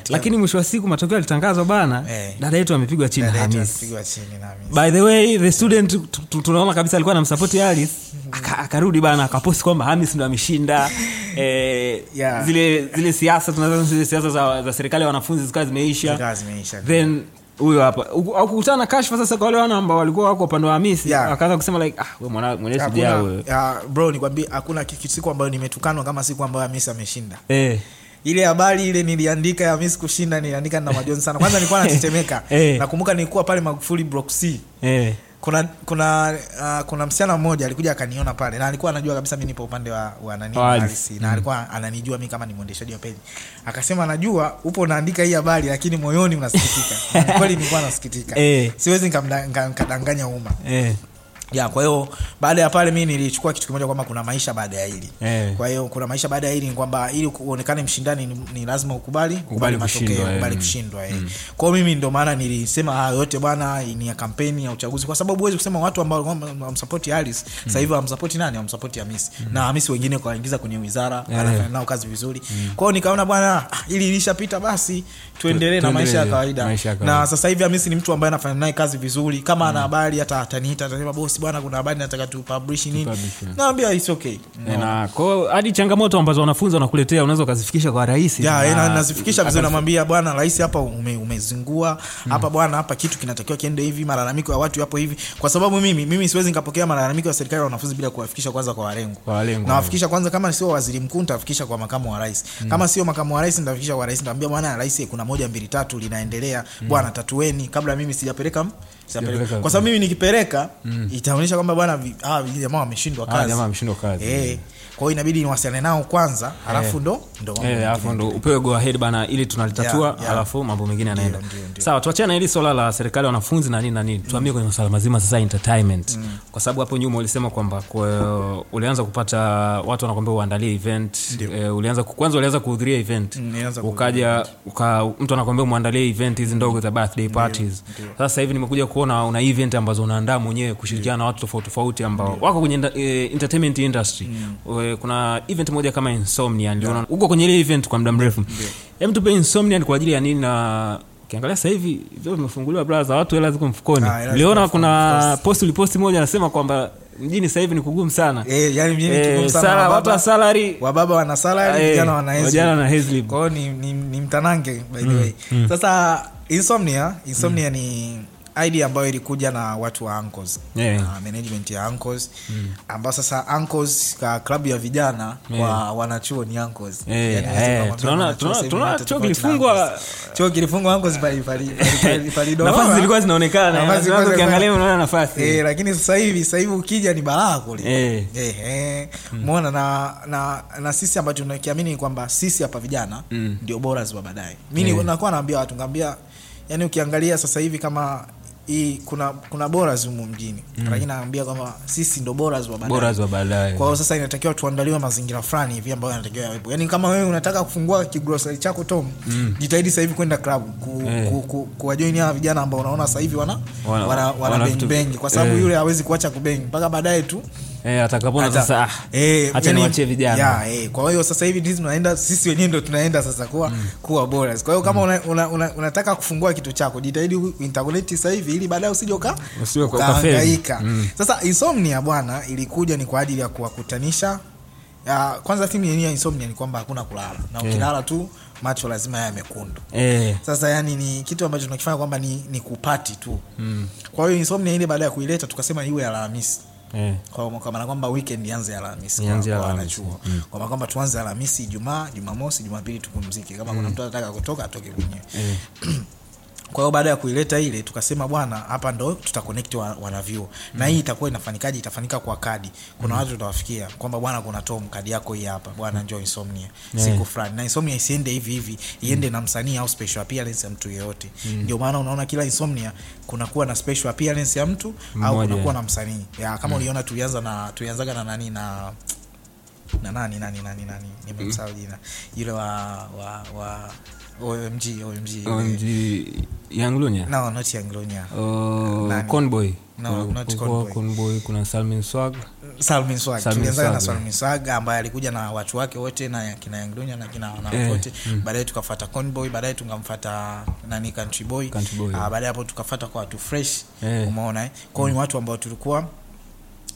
lakini mwisho wa siku matokeo alitangazwa bana hey. Eh. dada yetu amepigwa chini dada by the way the student tunaona kabisa alikuwa na msapoti Aris mm-hmm. akarudi bana akaposti kwamba Hamis ndo ameshinda eh, yeah. zile zile siasa tunazo zile siasa za, za serikali ya wanafunzi zikawa zimeisha huyo hapa akukutana na kashfa sasa kwa wale wana ambao walikuwa wako upande wa hamisi yeah. akaanza kusema like ah, mwanamwenyesujawe bro nikwambia hakuna siku ambayo nimetukanwa kama siku ambayo hamisi ameshinda eh ile habari ile niliandika ya Messi kushinda niliandika na majonzi sana. Kwanza nilikuwa natetemeka. hey. Eh. Nakumbuka nilikuwa pale Magufuli block Eh kuna kuna uh, kuna msichana mmoja alikuja akaniona pale na alikuwa anajua kabisa mimi nipo upande wa, wa nani halisi na mm. alikuwa ananijua mimi kama ni mwendeshaji wa peji akasema najua upo unaandika hii habari lakini moyoni unasikitika kweli nilikuwa nasikitika eh. siwezi nkadanganya umma eh ya kwa hiyo baada ya pale mi nilichukua kitu kimoja kwamba kuna maisha baada ya hili hey. Eh. Kwa hiyo kuna maisha baada ya hili kwamba ili uonekane mshindani ni, ni lazima ukubali ukubali matokeo eh. ukubali kushindwa hey. Eh. mm. Kwa hiyo mimi ndio maana nilisema haya ah, yote bwana ni ya kampeni ya uchaguzi, kwa sababu huwezi kusema watu ambao wamsapoti Harris mm. sasa hivi wamsapoti nani, wamsapoti Hamisi hmm. na Hamisi wengine kawaingiza kwenye wizara hey. anafanya nao kazi vizuri hmm. Kwa hiyo nikaona bwana ah, ili ilishapita basi tuendelee na maisha ya kawaida, na sasa hivi Hamisi ni mtu ambaye anafanya naye kazi vizuri, kama ana mm. habari hata ataniita atasema bosi bwana kuna habari nataka tupublish nini yeah. naambia it's okay eh, no. na kwao hadi changamoto ambazo wanafunzi wanakuletea unaweza ukazifikisha kwa rais yeah, eh, na, na, ah, nazifikisha vizuri namwambia bwana rais hapa ume, mm. umezingua mm. hapa bwana hapa kitu kinatakiwa kiende hivi malalamiko ya watu yapo hivi kwa sababu mimi mimi siwezi nikapokea malalamiko ya serikali ya wanafunzi bila kuwafikisha kwanza kwa walengo nawafikisha kwanza kama sio waziri mkuu nitafikisha kwa makamu wa rais mm. kama sio makamu wa rais nitafikisha kwa rais nitaambia bwana rais kuna moja mbili tatu linaendelea mm. bwana tatueni kabla mimi sijapeleka kwa sababu mimi nikipeleka mm. itaonyesha kwamba bwana jamaa wameshindwa ah, kazi, jamaa wameshindwa kazi eh, kwa hiyo inabidi niwasiliane nao kwanza alafu eh, ndo ndo eh, halafu ndo upewe go ahead bana, ili tunalitatua yeah, yeah. alafu mambo mengine yanaenda sawa. Tuachane hili swala la serikali ya wanafunzi na nini na nini, tuhamie mm. kwenye masuala mazima sasa entertainment mm. kwa sababu hapo nyuma ulisema kwamba kwa, ulianza kupata watu wanakwambia uandalie event eh, ulianza kwanza ulianza kuhudhuria event mm, ukaja uka, mtu anakwambia muandalie event hizi ndogo za birthday parties. Sasa hivi nimekuja ku kuona una event ambazo unaandaa mwenyewe kushirikiana yeah. na watu tofauti tofauti ambao yeah. wako kwenye eh, entertainment industry mm. kuna event moja kama insomnia ndio yeah. uko kwenye ile event kwa muda mrefu yeah. hem tupe insomnia kwa ajili ya nini na kiangalia sasa hivi vyo vimefunguliwa braza watu hela ziko mfukoni niliona ah, kuna post uliposti moja anasema kwamba mjini sasa hivi ni kugumu sana e, yani mjini e, kugumu sana sala, watu wa salary wababa wana salary e, vijana wana hezlim wana hezlim kwa hiyo ni, ni, ni mtanange by the mm, way mm. sasa insomnia insomnia mm. ni idea ambayo ilikuja na watu wa Anchors, yeah. na management ya Anchors mm. ambao sasa Anchors ka klabu ya vijana yeah. wa wanachuo ni Anchors. Tunaona chuo kilifungwa, chuo kilifungwa nafasi zilikuwa zinaonekana, ukiangalia unaona nafasi eh, lakini sasa hivi sasa hivi ukija ni balaa kule eh eh, eh. Mm. umeona na na na sisi ambacho tunakiamini kwamba sisi hapa vijana mm. ndio bora za baadaye. Mimi yeah. nakuwa naambia watu ngambia yani ukiangalia sasa hivi kama hii kuna kuna boras humu mjini mm. lakini naambia kwamba sisi ndo boras wa baadaye Kwa hiyo sasa inatakiwa tuandaliwe mazingira fulani hivi ambayo yanatakiwa yawepo, yaani kama wewe unataka kufungua kigrocery chako Tom mm. jitahidi sasa hivi kwenda club ku, eh. ku, ku, kuwajoin hawa vijana ambao unaona sasa hivi wana wana, wana, wana, wana bengi bengi, kwa sababu eh. yule hawezi kuacha kubengi mpaka baadaye tu eh, atakapoona sasa ah, eh, acha niwachie vijana yeah, eh, kwa hiyo sasa hivi sisi tunaenda sisi wenyewe ndio tunaenda sasa kuwa mm. kuwa bora. Kwa hiyo kama mm. unataka una, una, una, kufungua kitu chako jitahidi uintegrate sasa hivi ili baadaye usije uka ukahangaika. Mm. Sasa insomnia bwana ilikuja ni kwa ajili ya kuwakutanisha ya, kwanza timu yenyewe ya insomnia ni kwamba hakuna kulala na eh. ukilala tu macho lazima yawe mekundu yeah. Sasa yani ni kitu ambacho tunakifanya kwamba ni, ni kupati tu mm. Kwa hiyo insomnia ile baada ya kuileta tukasema iwe Alhamisi Eh. kwamba mm. kwamba tuanze Alhamisi, jumaa Jumamosi, Jumapili tupumzike. Kama mm. kuna mtu anataka kutoka atoke mwenyewe. Eh. Kwa hiyo baada ya kuileta ile tukasema bwana, hapa ndo tuta wanavyuo wa na mm na hii mm. itakuwa inafanyikaje? Itafanyika kwa kadi. Kuna mm watu tutawafikia kwamba bwana, kuna Tom, kadi yako hii hapa bwana, njoo Insomnia yeah. siku fulani, na Insomnia isiende hivi hivi, iende mm na msanii au special appearance ya mtu yeyote mm ndio maana unaona kila Insomnia kuna kuwa na special appearance ya mtu au kuna kuwa na msanii ya kama mm uliona tulianza na tulianzaga na nani na na nani nani nani nani mm. nimemsahau jina yule wa wa wa OMG, OMG. OMG. No, not Uh, Conboy. No, kuna, not Conboy. Conboy kuna Salmin Swag. Salmin Swag. na eh. Salmin Swag ambaye alikuja na watu wake wote na kina Yanglunya na kina wana eh, wote. Mm. Baadaye tukafuata Conboy, baadaye tukamfuata nani Country Boy. Country Boy. Ah, baadaye hapo tukafuata kwa watu fresh. Eh. Umeona eh? Kwa hiyo mm. watu ambao tulikuwa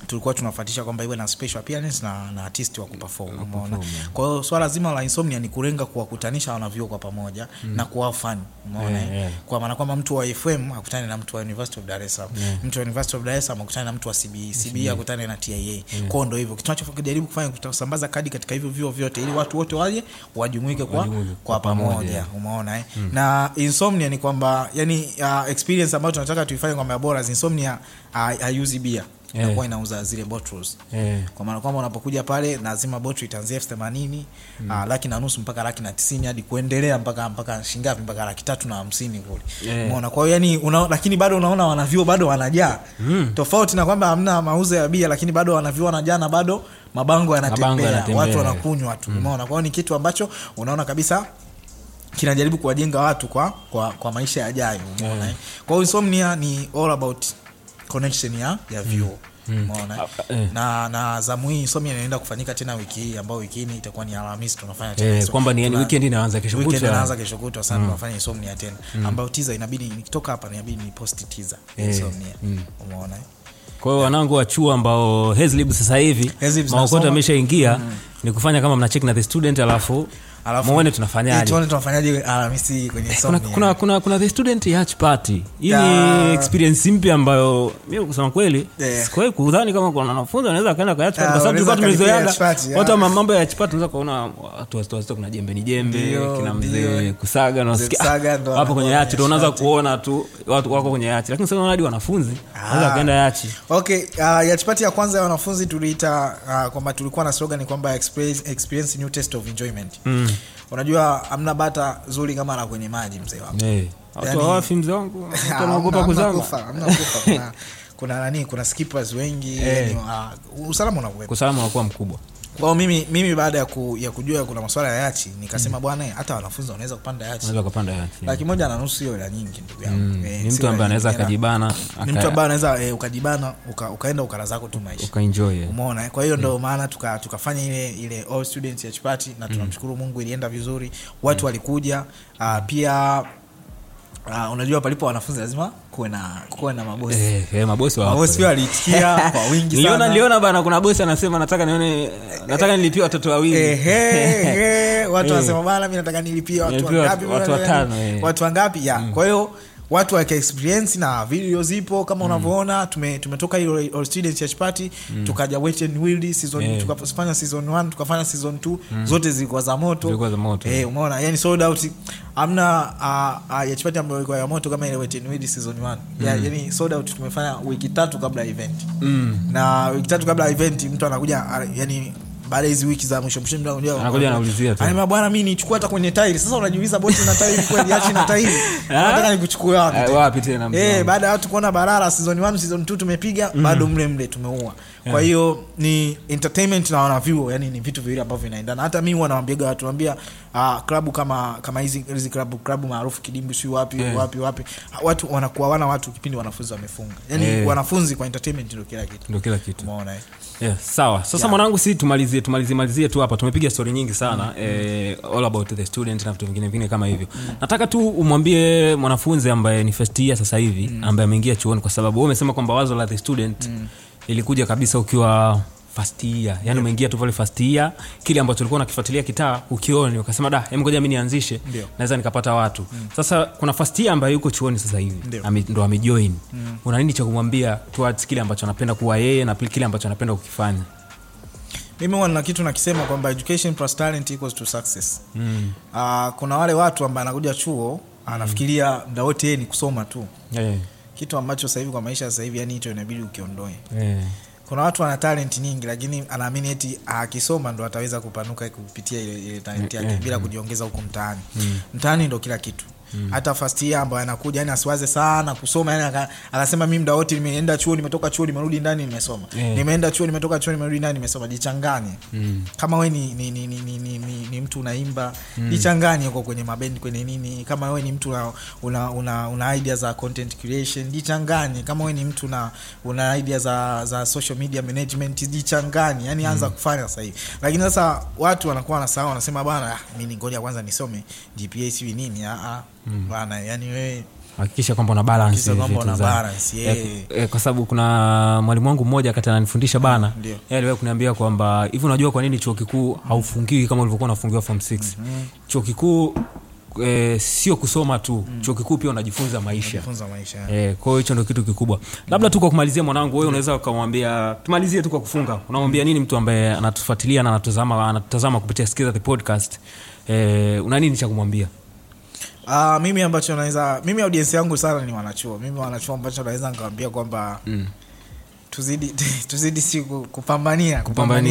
tulikuwa tunafatisha kwamba iwe na special appearance na, na artist wa kuperform umeona. Kwa hiyo swala zima la insomnia ni kulenga kuwakutanisha wanavyuo kwa pamoja mm. na kuwa fun umeona, yeah, yeah. kwa maana kwamba mtu wa FM akutane na mtu wa University of Dar es Salaam yeah. mtu wa University of Dar es Salaam akutane na mtu wa CBE CBE yeah. akutane na TIA yeah. kwao, ndio hivyo tunachojaribu kufanya, kutasambaza kadi katika hivyo vyuo vyote, ili watu wote waje wajumuike kwa, Wajumuli. kwa pamoja yeah. umeona eh. mm. na insomnia ni kwamba yani, uh, experience ambayo tunataka tuifanye kwa mabora insomnia hayuzi uh, bia yeah. inakuwa eh. inauza zile bottles yeah. kwa maana kwamba unapokuja pale lazima bottle itaanzia elfu themanini mm. uh, laki na nusu mpaka laki na tisini hadi kuendelea mpaka mpaka shingapi mpaka laki tatu na hamsini kule yeah. umeona kwa hiyo yani una, lakini bado unaona wanavyuo bado wanajaa mm. tofauti na kwamba hamna mauzo ya bia lakini bado wanavyuo wanajaa na bado mabango yanatembea watu wanakunywa tu mm. umeona kwa hiyo ni kitu ambacho unaona kabisa kinajaribu kuwajenga watu kwa, kwa, kwa maisha yajayo umeona yeah. kwa hiyo insomnia ni all about connection ya, ya mm. vyuo mm. Mm. mm. na na zamu hii somi inaenda kufanyika tena wiki hii ambayo wiki hii itakuwa ni Alhamisi tunafanya tena eh, kwamba ni yani weekend inaanza kesho kutwa weekend inaanza kesho kutwa sana mm. tunafanya insomnia tena mm. ambayo teaser inabidi nikitoka hapa inabidi ni post teaser eh, insomnia mm. umeona kwa hiyo wanangu wa chuo ambao Hezlib sasa hivi maokota ameshaingia mm. ni kufanya kama mnacheki na the student alafu muone tunafanyaje eh, tunafanyaje Alhamisi kwenye eh, kuna, kuna, kuna kuna the student yacht party hii ni experience mpya ambayo mi kusema kweli yeah. Eh. kudhani kama kuna wanafunzi wanaweza kaenda kwa kwa sababu ah, tulikuwa watu mambo ya yacht unaweza kuona watu wazitowazito kuna jembe ni jembe kina mzee kusaga nawapo kwenye yachi ndio unaweza kuona tu watu wako kwenye yachi lakini sasa hadi wanafunzi wanaweza ah. kaenda yachi okay uh, ya kwanza ya wanafunzi tuliita uh, kwamba tulikuwa na slogan kwamba experience, experience new taste of enjoyment mm unajua amna bata zuri kama la kwenye maji mzee wangu hey. Eh. Yani, mzee wangu anaogopa kuzama kuna nani kuna skippers wengi hey. Eh. yani, uh, usalama unakuwa mkubwa kwa mimi mimi baada ya, ku, ya kujua kuna masuala ya yachi nikasema mm. Bwana hata wanafunzi wanaweza kupanda yachi. Wanaweza kupanda yachi. Laki moja na nusu hiyo ila nyingi ndugu yangu. Mm. eh, ni mtu ambaye anaweza akajibana. Ni mtu ambaye anaweza eh, ukajibana uka, ukaenda ukala zako tu maisha. Ukaenjoy. Umeona? Kwa hiyo ndio yeah. Mm. maana tuka tukafanya ile ile all students ya chipati na mm. tunamshukuru mm. Mungu ilienda vizuri. Watu mm. walikuja uh, pia Uh, unajua palipo wanafunzi lazima kuwe na kuwe na mabosi eh, eh, mabosi wa mabosi pia alitikia kwa wingi sana. Niliona niliona bana, kuna bosi anasema nataka nione nataka nilipie watoto wawili eh, eh, eh, watu eh. wanasema bana, mimi nataka nilipie watu wangapi, watu watano, eh. watu wangapi ya mm. kwa hiyo watu waka na video zipo kama mm. unavyoona, mm. tumetoka tume hiyo student church party mm. tukaja wet and wild season yeah. tukafanya season 1 tukafanya season 2 mm. zote zilikuwa za moto zilikuwa za moto eh, umeona yani sold out amna uh, ah, uh, ah, church party ambayo ilikuwa ya moto kama ile wet and wild season 1 mm. yeah, yani sold out tumefanya wiki tatu kabla event mm. na wiki tatu kabla event mtu anakuja ah, yani baada ya hizi wiki za mwisho mwisho, mda unajua anakuja anaulizia tu, anasema bwana, mimi nichukua hata kwenye tairi. Sasa unajiuliza boti na tairi kweli, achi na tairi, eh? nataka nikuchukue wapi eh, wapi tena? Eh, baada ya watu kuona barara season 1 season 2 tumepiga mhm. bado mle mle tumeua kwa hiyo ni entertainment na wanavyuo, yani ni vitu viwili ambavyo vinaendana. Hata mimi wanawaambiaga watu naambia uh, ah, klabu kama kama hizi hizi klabu klabu maarufu kidimbu si wapi yeah. wapi wapi watu wanakuwa wana watu kipindi wanafunzi wamefunga, yani yeah. wanafunzi kwa entertainment ndio kila kitu, ndio kila kitu, umeona eh? Yeah, sawa. Sasa yeah. Mwanangu, sisi tumalizie tumalizie malizie tu hapa, tumepiga story nyingi sana mm. eh, all about the student na vitu vingine vingine kama hivyo mm. Nataka tu umwambie mwanafunzi ambaye ni first year sasa hivi mm. ambaye ameingia chuoni, kwa sababu wewe umesema kwamba wazo la the student mm ilikuja kabisa ukiwa fastia year yani yeah. umeingia tu pale fastia kile ambacho ulikuwa unakifuatilia kitaa ukioni ukasema da hem ngoja mimi nianzishe yeah. naweza nikapata watu mm. sasa kuna fastia ambayo yuko chuoni sasa hivi Ami, ndo amejoin mm. una nini cha kumwambia towards kile ambacho anapenda kuwa yeye na kile ambacho anapenda kukifanya mimi huwa na kitu nakisema kwamba education plus talent equals to success mm. uh, kuna wale watu ambao anakuja chuo mm. anafikiria mm. mda wote yeye ni kusoma tu yeah kitu ambacho sasa hivi kwa maisha sasa hivi yani hicho inabidi ukiondoe yeah. Kuna watu wana talent nyingi, lakini anaamini eti akisoma ndo ataweza kupanuka kupitia ile, talent yake yeah. Eh, bila eh. kujiongeza huku mtaani mm. Mtaani ndo kila kitu Mm. hata first year ambayo anakuja yani asiwaze sana kusoma yani akasema mimi muda wote nimeenda chuo nimetoka chuo nimerudi ndani nimesoma yeah. nimeenda chuo nimetoka chuo nimerudi ndani nimesoma jichanganye mm. kama wewe ni, ni, ni, ni, ni, ni, ni, ni mtu unaimba mm. jichanganye huko kwenye mabendi kwenye nini kama wewe ni mtu una, una, una, una idea za content creation jichanganye kama wewe ni mtu una, una idea za, za social media management jichanganye yani anza mm. kufanya sasa hivi lakini sasa watu wanakuwa wanasahau wanasema bana ah, mimi ngoja kwanza nisome gpa siwi nini a ah, ah mm. yani wewe hakikisha kwamba una balance eh, eh, kwa sababu kuna mwalimu wangu mmoja kati ananifundisha ah, bana yeye yeah, kuniambia kwamba hivi unajua kwa nini chuo kikuu mm. haufungiwi kama ulivyokuwa unafungiwa form 6 mm-hmm. chuo kikuu E, sio kusoma tu mm. chuo kikuu pia unajifunza maisha, maisha e, kwao hicho ndo kitu kikubwa mm. labda tu kwa kumalizia mwanangu wewe mm. unaweza ukamwambia tumalizie tu kwa kufunga unamwambia nini mtu ambaye anatufuatilia na anatutazama anatutazama kupitia skiza the podcast e, una nini cha kumwambia Uh, mimi ambacho naweza mimi audiensi yangu sana ni wanachuo mimi wanachuo ambacho naweza nikawambia kwamba mm. tuzidi tuzidi si kupambania kupambania,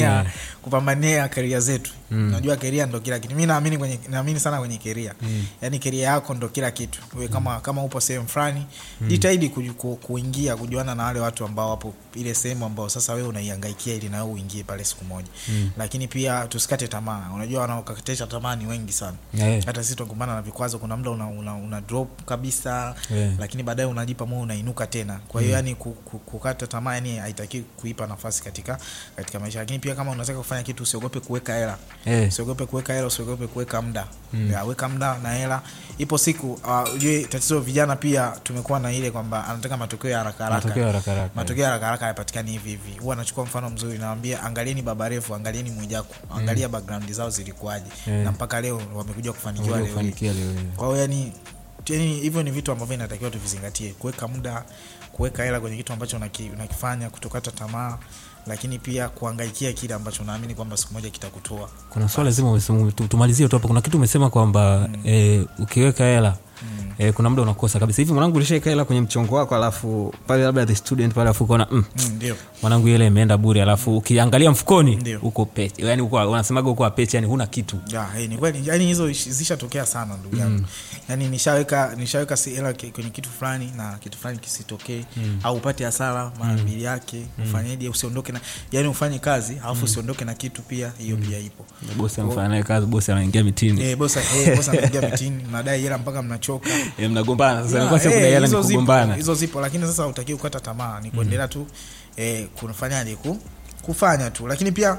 kupambania kupambania keria zetu mm. najua keria ndo kila kitu. mi naamini kwenye naamini sana kwenye keria mm. Yaani keria yako ndo kila kitu wewe mm. kama, mm. kama upo sehemu fulani mm. jitahidi ku, kuingia kujuana na wale watu ambao wapo ile sehemu ambao sasa wewe unaiangaikia ili nawe uingie pale siku moja mm. Lakini pia tusikate tamaa. Unajua wanaokatisha tamaa ni wengi sana yeah. Hata sisi tunakumbana na vikwazo, kuna mda una, una, una drop kabisa yeah. Lakini baadaye unajipa moyo unainuka tena. Kwa hiyo mm. yani kukata tamaa yani haitaki kuipa nafasi katika katika maisha, lakini pia kama unataka kufanya kitu usiogope kuweka hela hey. Eh. Usiogope kuweka hela, usiogope kuweka mda hmm. Ya, weka mda na hela. Ipo siku ah, ujue, uh, tatizo vijana pia tumekuwa na ile kwamba anataka matokeo ya haraka haraka, matokeo ya haraka haraka eh. hayapatikani hivi hivi. Huwa anachukua mfano mzuri, nawaambia angalieni Baba refu angalieni Mwijaku, hmm. angalia hmm. background zao zilikuwaje hey. Eh. Na mpaka leo wamekuja kufanikiwa leo. Kwa hiyo yani hivyo ni vitu ambavyo inatakiwa tuvizingatie, kuweka muda, kuweka hela kwenye kitu ambacho unakifanya, kutokata tamaa lakini pia kuangaikia kile ambacho naamini kwamba siku moja kitakutoa kuna swala zima tumalizie tu hapo kuna kitu umesema kwamba mm. e, ukiweka hela mm. e, kuna muda unakosa kabisa hivi mwanangu ulishaeka hela kwenye mchongo wako alafu pale labda the student pale alafu ukaona mm, mm, mwanangu ile imeenda bure alafu ukiangalia mfukoni uko pete yani uko unasemaga uko pete yani huna kitu yeah, hey, ni kweli yani hizo zishatokea sana ndugu yangu mm. yani nishaweka nishaweka si hela kwenye kitu fulani na kitu fulani kisitokee mm. au upate hasara mara mm. mbili mm. yake ufanyeje usiondoke na yani ufanye kazi alafu mm. usiondoke na kitu pia hiyo mm. pia ipo bosi amfanya kazi bosi anaingia mitini eh bosi eh bosi anaingia mitini mnadai hela mpaka mnacho mnagombanahizo yaani hizo zipo lakini sasa utakiwa kukata tamaa ni kuendelea tu eh, kufanyaje kufanya tu lakini pia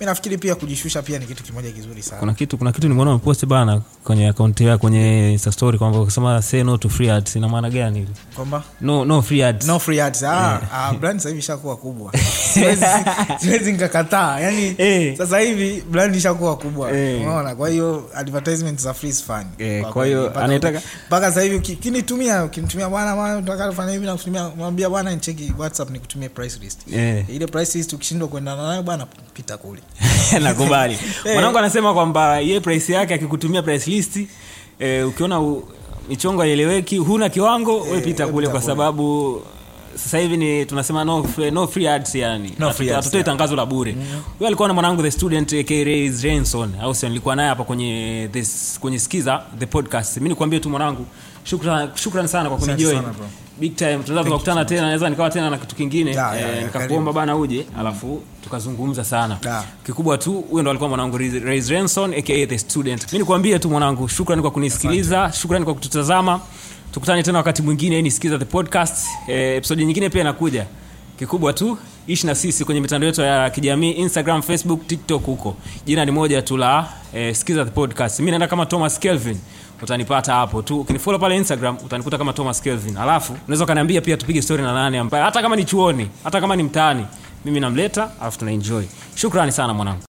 mi nafikiri pia kujishusha pia ni kitu kimoja kizuri sana kuna kitu kuna kitu nimeona umepost bana kwenye akaunti yako kwenye insta story kwamba ukisema say no to free ads ina maana gani kwamba no no free ads no free ads ah, yeah. ah brand sasa hivi ishakuwa kubwa siwezi siwezi nikakataa yani hey. Eh. sasa hivi brand ishakuwa kubwa eh. unaona hey. kwa hiyo advertisement za free fan eh, hey, kwa hiyo anataka mpaka sasa hivi ukinitumia ukinitumia bwana bwana unataka kufanya hivi na kutumia mwambia bwana nicheki whatsapp nikutumie price list hey. ile price list ukishindwa kuendana nayo bwana pita kule nakubali eh. mwanangu anasema kwamba ye price yake akikutumia price list eh, ukiona michongo aieleweki huna kiwango e, wepita eh, kule kwa sababu sasa hivi ni tunasema no no free ads yani no atutoe tangazo la bure mm -hmm. alikuwa na mwanangu the student aka Ray Jenson au sio nilikuwa naye hapa kwenye this, kwenye skiza the podcast mi nikuambie tu mwanangu shukrani shukran sana kwa kunijoin big time tunaweza tena naweza nikawa tena na kitu kingine eh, nikakuomba bana uje alafu tukazungumza sana yeah. kikubwa tu huyo ndo alikuwa mwanangu Rais Renson aka the student mimi nikwambie tu mwanangu shukrani kwa kunisikiliza shukrani kwa kututazama tukutane tena wakati mwingine nisikiliza the podcast eh, episode nyingine pia inakuja kikubwa tu ishi na sisi kwenye mitandao yetu ya kijamii instagram facebook tiktok huko jina ni moja tu la eh, skiza the podcast mi naenda kama thomas kelvin utanipata hapo tu. ukinifolo pale Instagram utanikuta kama Thomas Kelvin. alafu unaweza ukaniambia pia tupige story na nani ambaye hata kama ni chuoni, hata kama ni mtaani, mimi namleta, alafu tunaenjoy. Shukrani sana mwanangu.